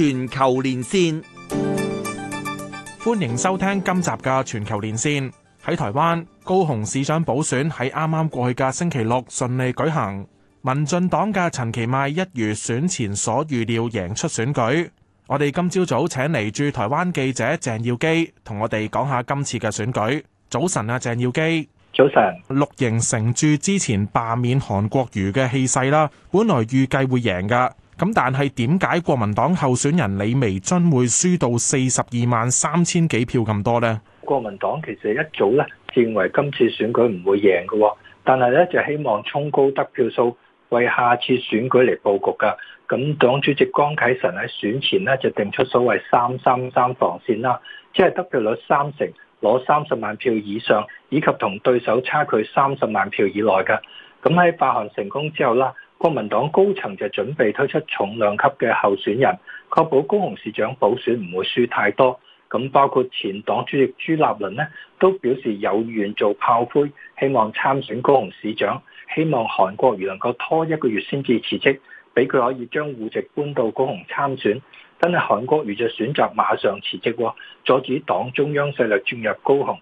全球連線，歡迎收聽今集嘅全球連線。喺台灣，高雄市長補選喺啱啱過去嘅星期六順利舉行，民進黨嘅陳其邁一如選前所預料贏出選舉。我哋今朝早請嚟駐台灣記者鄭耀基同我哋講下今次嘅選舉。早晨啊，鄭耀基。早晨。綠營承住之前罷免韓國瑜嘅氣勢啦，本來預計會贏㗎。咁但係點解國民黨候選人李眉蓁會輸到四十二萬三千幾票咁多呢？國民黨其實一早咧認為今次選舉唔會贏嘅，哦，但係咧就希望衝高得票數為下次選舉嚟布局噶。咁黨主席江啟臣喺選前咧就定出所謂三三三防線啦，即係得票率三成，攞三十萬票以上，以及同對手差距三十萬票以內嘅。咁喺罷韓成功之後啦。國民黨高層就準備推出重量級嘅候選人，確保高雄市長補選唔會輸太多。咁包括前黨主席朱立倫呢，都表示有願做炮灰，希望參選高雄市長。希望韓國瑜能夠拖一個月先至辭職，俾佢可以將戶籍搬到高雄參選。但係韓國瑜就選擇馬上辭職，阻止黨中央勢力進入高雄。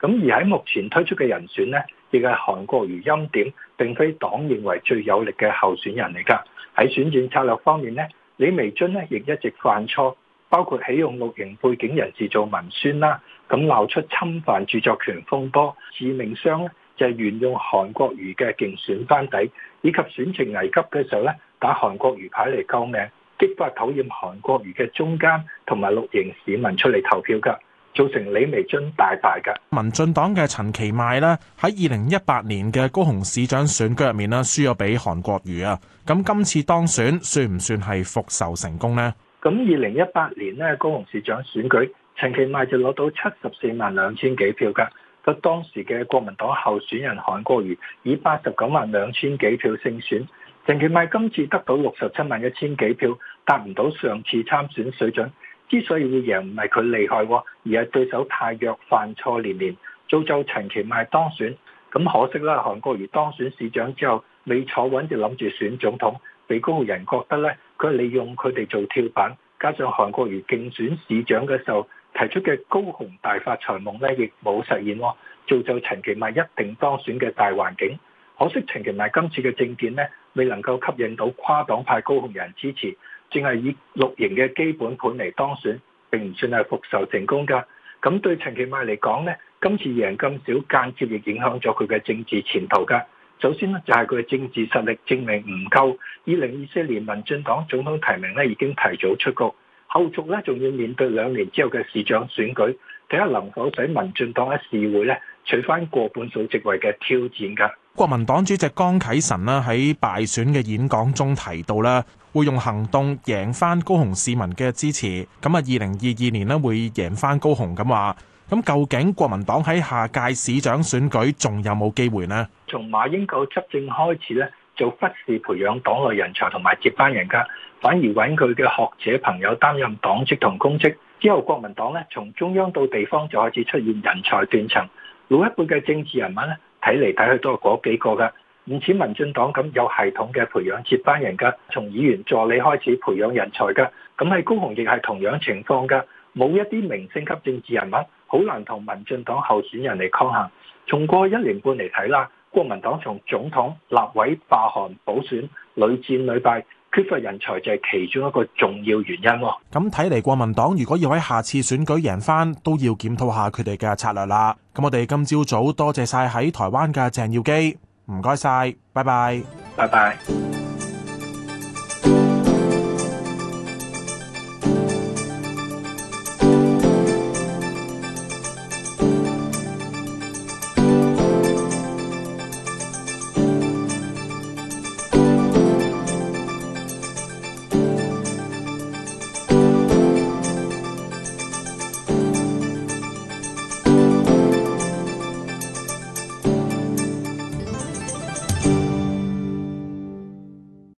咁而喺目前推出嘅人選呢，亦係韓國瑜欽點，並非黨認為最有力嘅候選人嚟㗎。喺選戰策略方面呢，李眉蓁呢亦一直犯錯，包括起用綠營背景人士做文宣啦，咁鬧出侵犯著作權風波；致命傷呢就係沿用韓國瑜嘅競選班底，以及選情危急嘅時候呢打韓國瑜牌嚟救命，激發討厭韓國瑜嘅中間同埋綠營市民出嚟投票㗎。造成李眉蓁大敗噶。民進黨嘅陳其邁呢，喺二零一八年嘅高雄市長選舉入面呢輸咗俾韓國瑜啊。咁今次當選算唔算係復仇成功呢？咁二零一八年呢，高雄市長選舉，陳其邁就攞到七十四萬兩千幾票噶。但當時嘅國民黨候選人韓國瑜以八十九萬兩千幾票勝選。陳其邁今次得到六十七萬一千幾票，達唔到上次參選水準。之所以會贏唔係佢厲害，而係對手太弱，犯錯年年，犯錯連連，造就陳其邁當選。咁可惜啦，韓國瑜當選市長之後，未坐穩就諗住選總統，被高雄人覺得咧，佢利用佢哋做跳板，加上韓國瑜競選市長嘅時候提出嘅高雄大發財夢咧，亦冇實現，造就陳其邁一定當選嘅大環境。可惜陳其邁今次嘅政見咧，未能夠吸引到跨黨派高雄人支持。正係以綠營嘅基本盤嚟當選，並唔算係復仇成功㗎。咁對陳其邁嚟講呢，今次贏咁少，間接亦影響咗佢嘅政治前途㗎。首先呢，就係佢嘅政治實力證明唔夠。二零二四年民進黨總統提名呢，已經提早出局，後續呢，仲要面對兩年之後嘅市長選舉，睇下能否使民進黨喺市會呢，取返過半數席位嘅挑戰㗎。國民黨主席江啟臣啦喺敗選嘅演講中提到啦，會用行動贏翻高雄市民嘅支持。咁啊，二零二二年咧會贏翻高雄咁話。咁究竟國民黨喺下屆市長選舉仲有冇機會呢？從馬英九執政開始咧，就忽視培養黨內人才同埋接班人家，反而揾佢嘅學者朋友擔任黨職同公職之後，國民黨咧從中央到地方就開始出現人才斷層，老一輩嘅政治人物咧。睇嚟睇去都係嗰幾個㗎，唔似民進黨咁有系統嘅培養接班人㗎，從議員助理開始培養人才㗎，咁喺高雄亦係同樣情況㗎，冇一啲明星級政治人物，好難同民進黨候選人嚟抗衡。從過一年半嚟睇啦，國民黨從總統、立委、罷韓、補選，屢戰屢敗。缺乏人才就係其中一個重要原因喎。咁睇嚟，國民黨如果要喺下次選舉贏翻，都要檢討下佢哋嘅策略啦。咁我哋今朝早，早多謝晒喺台灣嘅鄭耀基，唔該晒，拜拜，拜拜。